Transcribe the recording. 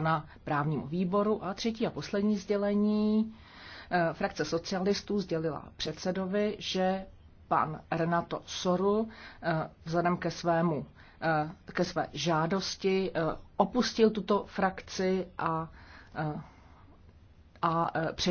na právnímu výboru. A třetí a poslední sdělení. Eh, frakce socialistů sdělila předsedovi, že pan Renato Soru eh, vzhledem ke svému eh, ke své žádosti opustil tuto frakci a, a